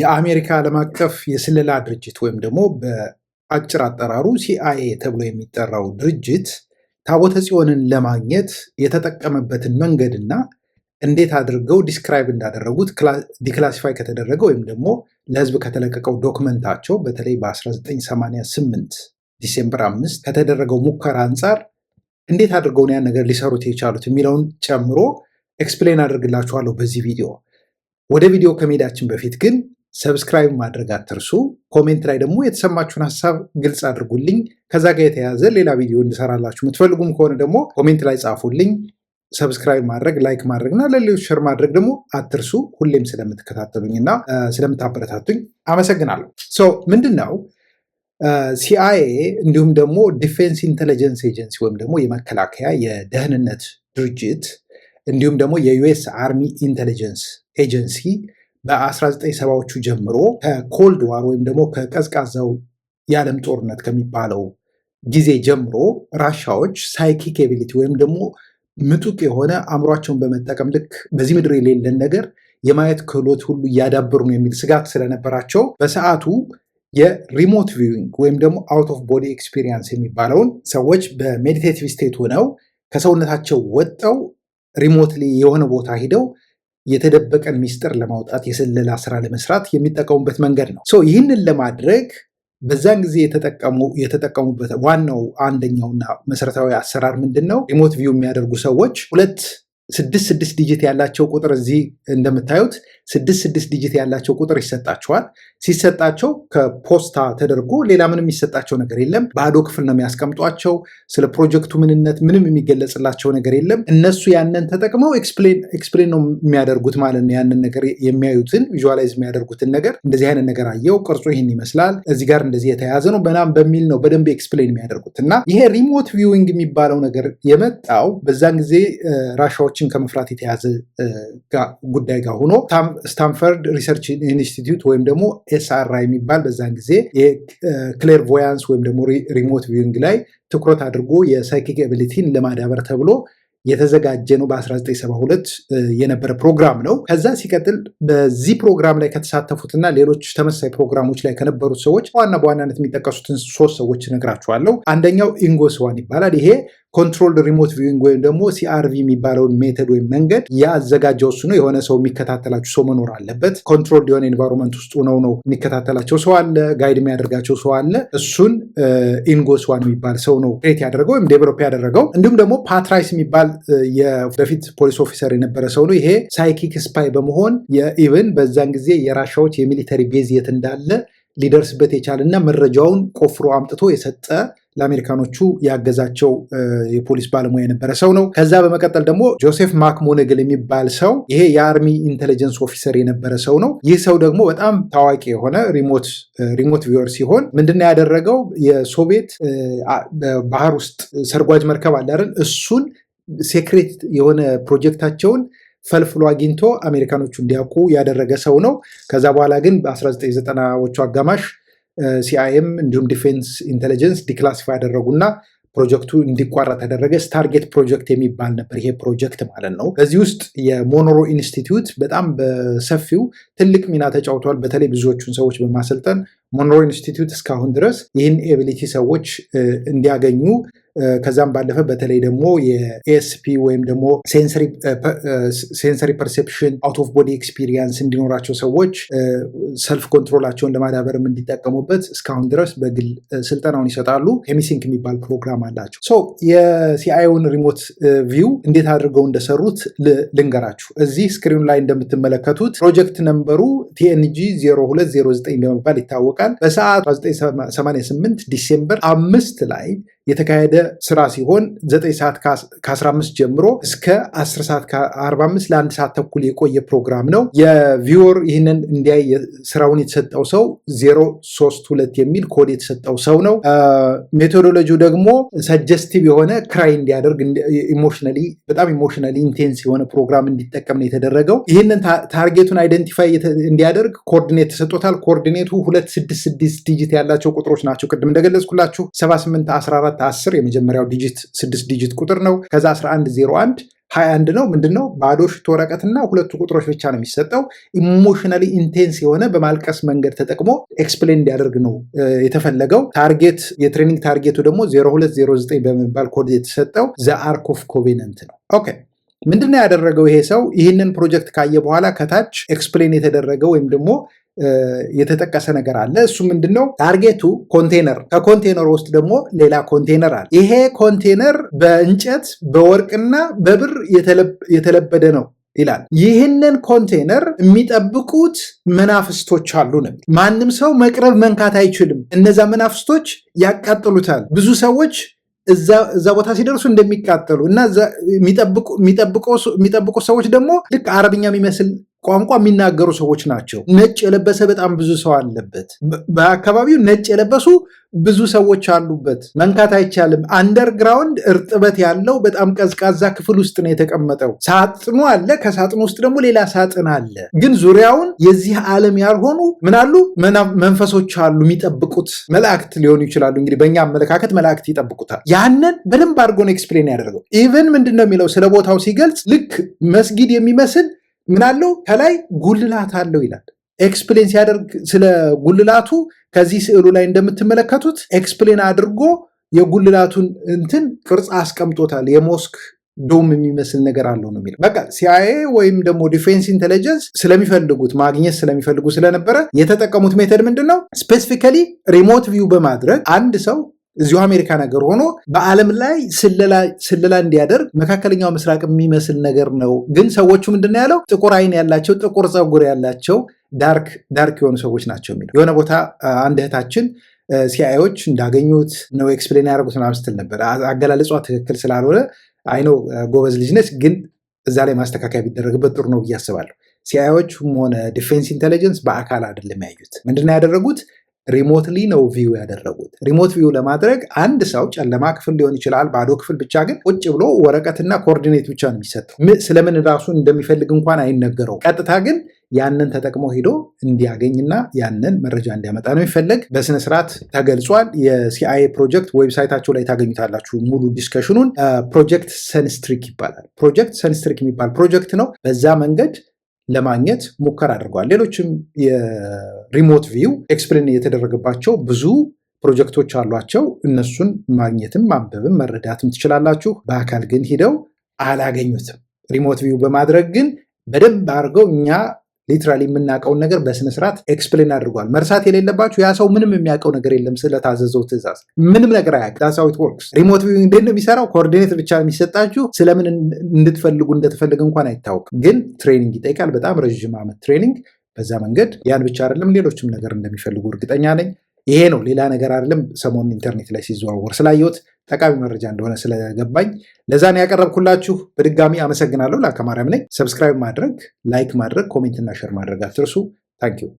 የአሜሪካ ዓለም አቀፍ የስለላ ድርጅት ወይም ደግሞ በአጭር አጠራሩ ሲአይኤ ተብሎ የሚጠራው ድርጅት ታቦተ ጽዮንን ለማግኘት የተጠቀመበትን መንገድና እንዴት አድርገው ዲስክራይብ እንዳደረጉት ዲክላሲፋይ ከተደረገ ወይም ደግሞ ለህዝብ ከተለቀቀው ዶክመንታቸው በተለይ በ1988 ዲሴምበር 5 ከተደረገው ሙከራ አንጻር እንዴት አድርገው ያን ነገር ሊሰሩት የቻሉት የሚለውን ጨምሮ ኤክስፕሌን አድርግላችኋለሁ በዚህ ቪዲዮ። ወደ ቪዲዮ ከመሄዳችን በፊት ግን ሰብስክራይብ ማድረግ አትርሱ። ኮሜንት ላይ ደግሞ የተሰማችሁን ሀሳብ ግልጽ አድርጉልኝ። ከዛ ጋር የተያያዘ ሌላ ቪዲዮ እንሰራላችሁ የምትፈልጉም ከሆነ ደግሞ ኮሜንት ላይ ጻፉልኝ። ሰብስክራይብ ማድረግ፣ ላይክ ማድረግ እና ለሌሎች ሸር ማድረግ ደግሞ አትርሱ። ሁሌም ስለምትከታተሉኝ እና ስለምታበረታቱኝ አመሰግናለሁ። ሶ ምንድን ነው ሲአይኤ እንዲሁም ደግሞ ዲፌንስ ኢንቴሊጀንስ ኤጀንሲ ወይም ደግሞ የመከላከያ የደህንነት ድርጅት እንዲሁም ደግሞ የዩኤስ አርሚ ኢንቴሊጀንስ ኤጀንሲ በ1970ዎቹ ጀምሮ ከኮልድ ዋር ወይም ደግሞ ከቀዝቃዛው የዓለም ጦርነት ከሚባለው ጊዜ ጀምሮ ራሻዎች ሳይኪክ ኤቢሊቲ ወይም ደግሞ ምጡቅ የሆነ አእምሯቸውን በመጠቀም ልክ በዚህ ምድር የሌለን ነገር የማየት ክህሎት ሁሉ እያዳበሩ ነው የሚል ስጋት ስለነበራቸው በሰዓቱ የሪሞት ቪዊንግ ወይም ደግሞ አውት ኦፍ ቦዲ ኤክስፒሪየንስ የሚባለውን ሰዎች በሜዲቴቲቭ ስቴት ሆነው ከሰውነታቸው ወጠው ሪሞትሊ የሆነ ቦታ ሂደው የተደበቀን ሚስጥር ለማውጣት የስለላ ስራ ለመስራት የሚጠቀሙበት መንገድ ነው። ይህንን ለማድረግ በዛን ጊዜ የተጠቀሙበት ዋናው አንደኛውና መሰረታዊ አሰራር ምንድን ነው? ሪሞት ቪው የሚያደርጉ ሰዎች ሁለት ስድስት ስድስት ዲጂት ያላቸው ቁጥር እዚህ እንደምታዩት ስድስት ስድስት ዲጂት ያላቸው ቁጥር ይሰጣቸዋል። ሲሰጣቸው ከፖስታ ተደርጎ ሌላ ምንም የሚሰጣቸው ነገር የለም። ባዶ ክፍል ነው የሚያስቀምጧቸው። ስለ ፕሮጀክቱ ምንነት ምንም የሚገለጽላቸው ነገር የለም። እነሱ ያንን ተጠቅመው ኤክስፕሌን ነው የሚያደርጉት ማለት ነው። ያንን ነገር የሚያዩትን ቪዥዋላይዝ የሚያደርጉትን ነገር እንደዚህ አይነት ነገር አየው፣ ቅርጹ ይህን ይመስላል፣ እዚህ ጋር እንደዚህ የተያያዘ ነው በናም በሚል ነው በደንብ ኤክስፕሌን የሚያደርጉት እና ይሄ ሪሞት ቪውንግ የሚባለው ነገር የመጣው በዛን ጊዜ ራሻዎችን ከመፍራት የተያዘ ጉዳይ ጋር ሆኖ ስታንፈርድ ሪሰርች ኢንስቲትዩት ወይም ደግሞ ኤስአራ የሚባል በዛን ጊዜ የክሌርቮያንስ ወይም ደግሞ ሪሞት ቪውንግ ላይ ትኩረት አድርጎ የሳይኪክ ኤቢሊቲን ለማዳበር ተብሎ የተዘጋጀ ነው። በ1972 የነበረ ፕሮግራም ነው። ከዛ ሲቀጥል በዚህ ፕሮግራም ላይ ከተሳተፉትና ሌሎች ተመሳሳይ ፕሮግራሞች ላይ ከነበሩት ሰዎች ዋና በዋናነት የሚጠቀሱትን ሶስት ሰዎች እነግራችኋለሁ። አንደኛው ኢንጎ ስዋን ይባላል። ይሄ ኮንትሮል ሪሞት ቪዊንግ ወይም ደግሞ ሲአርቪ የሚባለውን ሜተድ ወይም መንገድ ያዘጋጀው እሱ ነው። የሆነ ሰው የሚከታተላቸው ሰው መኖር አለበት። ኮንትሮል የሆነ ኤንቫይሮንመንት ውስጥ ነው ነው የሚከታተላቸው ሰው አለ፣ ጋይድ የሚያደርጋቸው ሰው አለ። እሱን ኢንጎስዋን uh, የሚባል ሰው ነው ክሬት ያደረገው ወይም ዴቨሎፕ ያደረገው። እንዲሁም ደግሞ ፓትራይስ የሚባል በፊት ፖሊስ ኦፊሰር የነበረ ሰው ነው። ይሄ ሳይኪክ ስፓይ በመሆን የኢቨን በዛን ጊዜ የራሻዎች የሚሊተሪ ቤዝ የት እንዳለ ሊደርስበት የቻለና መረጃውን ቆፍሮ አምጥቶ የሰጠ ለአሜሪካኖቹ ያገዛቸው የፖሊስ ባለሙያ የነበረ ሰው ነው። ከዛ በመቀጠል ደግሞ ጆሴፍ ማክሞነግል የሚባል ሰው ይሄ የአርሚ ኢንቴሊጀንስ ኦፊሰር የነበረ ሰው ነው። ይህ ሰው ደግሞ በጣም ታዋቂ የሆነ ሪሞት ቪወር ሲሆን ምንድነው ያደረገው? የሶቪየት ባህር ውስጥ ሰርጓጅ መርከብ አለ እሱን ሴክሬት የሆነ ፕሮጀክታቸውን ፈልፍሎ አግኝቶ አሜሪካኖቹ እንዲያውቁ ያደረገ ሰው ነው። ከዛ በኋላ ግን በ1990ዎቹ አጋማሽ ሲአይኤም እንዲሁም ዲፌንስ ኢንቴሊጀንስ ዲክላሲፋ ያደረጉና ፕሮጀክቱ እንዲቋረጥ ተደረገ። ስታርጌት ፕሮጀክት የሚባል ነበር ይሄ ፕሮጀክት ማለት ነው። በዚህ ውስጥ የሞኖሮ ኢንስቲትዩት በጣም በሰፊው ትልቅ ሚና ተጫውተዋል። በተለይ ብዙዎቹን ሰዎች በማሰልጠን ሞኖሮ ኢንስቲትዩት እስካሁን ድረስ ይህን ኤቢሊቲ ሰዎች እንዲያገኙ ከዛም ባለፈ በተለይ ደግሞ የኤስፒ ወይም ደግሞ ሴንሰሪ ፐርሴፕሽን አውት ኦፍ ቦዲ ኤክስፒሪየንስ እንዲኖራቸው ሰዎች ሰልፍ ኮንትሮላቸውን ለማዳበርም እንዲጠቀሙበት እስካሁን ድረስ በግል ስልጠናውን ይሰጣሉ። ሄሚሲንክ የሚባል ፕሮግራም አላቸው። ሶ የሲአይኦን ሪሞት ቪው እንዴት አድርገው እንደሰሩት ልንገራችሁ። እዚህ ስክሪኑ ላይ እንደምትመለከቱት ፕሮጀክት ነምበሩ ቲኤንጂ 0209 በመባል ይታወቃል። በሰዓት 1988 ዲሴምበር አምስት ላይ የተካሄደ ስራ ሲሆን 9 ሰዓት ከ15 ጀምሮ እስከ 10 ሰዓት ከ45 ለአንድ ሰዓት ተኩል የቆየ ፕሮግራም ነው። የቪወር ይህንን እንዲያይ ስራውን የተሰጠው ሰው 032 የሚል ኮድ የተሰጠው ሰው ነው። ሜቶዶሎጂው ደግሞ ሰጀስቲቭ የሆነ ክራይ እንዲያደርግ ኢሞሽናሊ በጣም ኢሞሽናሊ ኢንቴንስ የሆነ ፕሮግራም እንዲጠቀም ነው የተደረገው። ይህንን ታርጌቱን አይደንቲፋይ እንዲያደርግ ኮኦርዲኔት ተሰጥቶታል። ኮኦርዲኔቱ 266 ዲጂት ያላቸው ቁጥሮች ናቸው። ቅድም እንደገለጽኩላችሁ 14 1410 የመጀመሪያው ዲጂት 6 ዲጂት ቁጥር ነው። ከዛ 1101 21 ነው። ምንድን ነው? ባዶ ሽቶ ወረቀትና ሁለቱ ቁጥሮች ብቻ ነው የሚሰጠው። ኢሞሽናሊ ኢንቴንስ የሆነ በማልቀስ መንገድ ተጠቅሞ ኤክስፕሌን እንዲያደርግ ነው የተፈለገው። ታርጌት የትሬኒንግ ታርጌቱ ደግሞ 0209 በመባል ኮድ የተሰጠው ዘ አርክ ኦፍ ኮቬነንት ነው። ኦኬ ምንድን ያደረገው ይሄ ሰው? ይህንን ፕሮጀክት ካየ በኋላ ከታች ኤክስፕሌን የተደረገ ወይም ደግሞ የተጠቀሰ ነገር አለ። እሱ ምንድን ነው? ታርጌቱ ኮንቴነር፣ ከኮንቴነር ውስጥ ደግሞ ሌላ ኮንቴነር አለ። ይሄ ኮንቴነር በእንጨት በወርቅና በብር የተለበደ ነው ይላል። ይህንን ኮንቴነር የሚጠብቁት መናፍስቶች አሉ ማንም ሰው መቅረብ መንካት አይችልም። እነዛ መናፍስቶች ያቃጥሉታል። ብዙ ሰዎች እዛ ቦታ ሲደርሱ እንደሚቃጠሉ እና የሚጠብቁ ሰዎች ደግሞ ልክ አረብኛ የሚመስል ቋንቋ የሚናገሩ ሰዎች ናቸው። ነጭ የለበሰ በጣም ብዙ ሰው አለበት። በአካባቢው ነጭ የለበሱ ብዙ ሰዎች አሉበት። መንካት አይቻልም። አንደርግራውንድ እርጥበት ያለው በጣም ቀዝቃዛ ክፍል ውስጥ ነው የተቀመጠው። ሳጥኑ አለ። ከሳጥኑ ውስጥ ደግሞ ሌላ ሳጥን አለ። ግን ዙሪያውን የዚህ ዓለም ያልሆኑ ምናሉ መንፈሶች አሉ የሚጠብቁት። መላእክት ሊሆኑ ይችላሉ። እንግዲህ በእኛ አመለካከት መላእክት ይጠብቁታል። ያንን በደንብ አድርጎ ነው ኤክስፕሌን ያደርገው። ኢቨን ምንድን ነው የሚለው ስለ ቦታው ሲገልጽ ልክ መስጊድ የሚመስል ምናለው ከላይ ጉልላት አለው ይላል። ኤክስፕሌን ሲያደርግ ስለ ጉልላቱ ከዚህ ስዕሉ ላይ እንደምትመለከቱት ኤክስፕሌን አድርጎ የጉልላቱን እንትን ቅርጽ አስቀምጦታል። የሞስክ ዶም የሚመስል ነገር አለው ነው የሚለው። በቃ ሲአይኤ ወይም ደግሞ ዲፌንስ ኢንቴሊጀንስ ስለሚፈልጉት ማግኘት ስለሚፈልጉ ስለነበረ የተጠቀሙት ሜተድ ምንድን ነው? ስፔሲፊካሊ ሪሞት ቪው በማድረግ አንድ ሰው እዚሁ አሜሪካ ነገር ሆኖ በዓለም ላይ ስለላ እንዲያደርግ መካከለኛው ምስራቅ የሚመስል ነገር ነው። ግን ሰዎቹ ምንድን ያለው? ጥቁር አይን ያላቸው፣ ጥቁር ፀጉር ያላቸው ዳርክ ዳርክ የሆኑ ሰዎች ናቸው የሚለው የሆነ ቦታ አንድ እህታችን ሲአይዎች እንዳገኙት ነው ኤክስፕሌን ያደርጉት ምናምን ስትል ነበር። አገላለጿ ትክክል ስላልሆነ አይኖ ጎበዝ ልጅ ነች፣ ግን እዛ ላይ ማስተካከያ ቢደረግበት ጥሩ ነው ብዬ አስባለሁ። ሲአይዎችም ሆነ ዲፌንስ ኢንቴሊጀንስ በአካል አይደለም ያዩት። ምንድን ነው ያደረጉት? ሪሞትሊ ነው ቪው ያደረጉት። ሪሞት ቪው ለማድረግ አንድ ሰው ጨለማ ክፍል ሊሆን ይችላል፣ ባዶ ክፍል ብቻ ግን ቁጭ ብሎ ወረቀትና ኮኦርዲኔት ብቻ ነው የሚሰጠው። ስለምን ራሱን እንደሚፈልግ እንኳን አይነገረው። ቀጥታ ግን ያንን ተጠቅሞ ሄዶ እንዲያገኝና ያንን መረጃ እንዲያመጣ ነው የሚፈለግ። በስነስርዓት ተገልጿል። የሲአይኤ ፕሮጀክት ዌብሳይታቸው ላይ ታገኙታላችሁ ሙሉ ዲስከሽኑን። ፕሮጀክት ሰንስትሪክ ይባላል። ፕሮጀክት ሰንስትሪክ የሚባል ፕሮጀክት ነው። በዛ መንገድ ለማግኘት ሙከራ አድርጓል። ሌሎችም የሪሞት ቪው ኤክስፕሌን የተደረገባቸው ብዙ ፕሮጀክቶች አሏቸው። እነሱን ማግኘትም ማንበብም መረዳትም ትችላላችሁ። በአካል ግን ሂደው አላገኙትም። ሪሞት ቪው በማድረግ ግን በደንብ አድርገው እኛ ሊትራሊ የምናውቀውን ነገር በስነስርዓት ኤክስፕሌን አድርጓል። መርሳት የሌለባችሁ ያ ሰው ምንም የሚያውቀው ነገር የለም። ስለታዘዘው ትእዛዝ ምንም ነገር አያውቅም። ዳሳዊ ወርክስ ሪሞት ቪው እንዴት ነው የሚሰራው? ኮኦርዲኔት ብቻ የሚሰጣችሁ ስለምን እንድትፈልጉ እንደተፈለገ እንኳን አይታወቅም። ግን ትሬኒንግ ይጠይቃል። በጣም ረዥም ዓመት ትሬኒንግ። በዛ መንገድ ያን ብቻ አይደለም ሌሎችም ነገር እንደሚፈልጉ እርግጠኛ ነኝ። ይሄ ነው፣ ሌላ ነገር አይደለም። ሰሞኑን ኢንተርኔት ላይ ሲዘዋወር ስላየሁት ጠቃሚ መረጃ እንደሆነ ስለገባኝ ለዛን ያቀረብኩላችሁ። በድጋሚ አመሰግናለሁ። ላከማርያም ነኝ። ሰብስክራይብ ማድረግ፣ ላይክ ማድረግ፣ ኮሜንትና ሸር ማድረግ አትርሱ። ታንኪዩ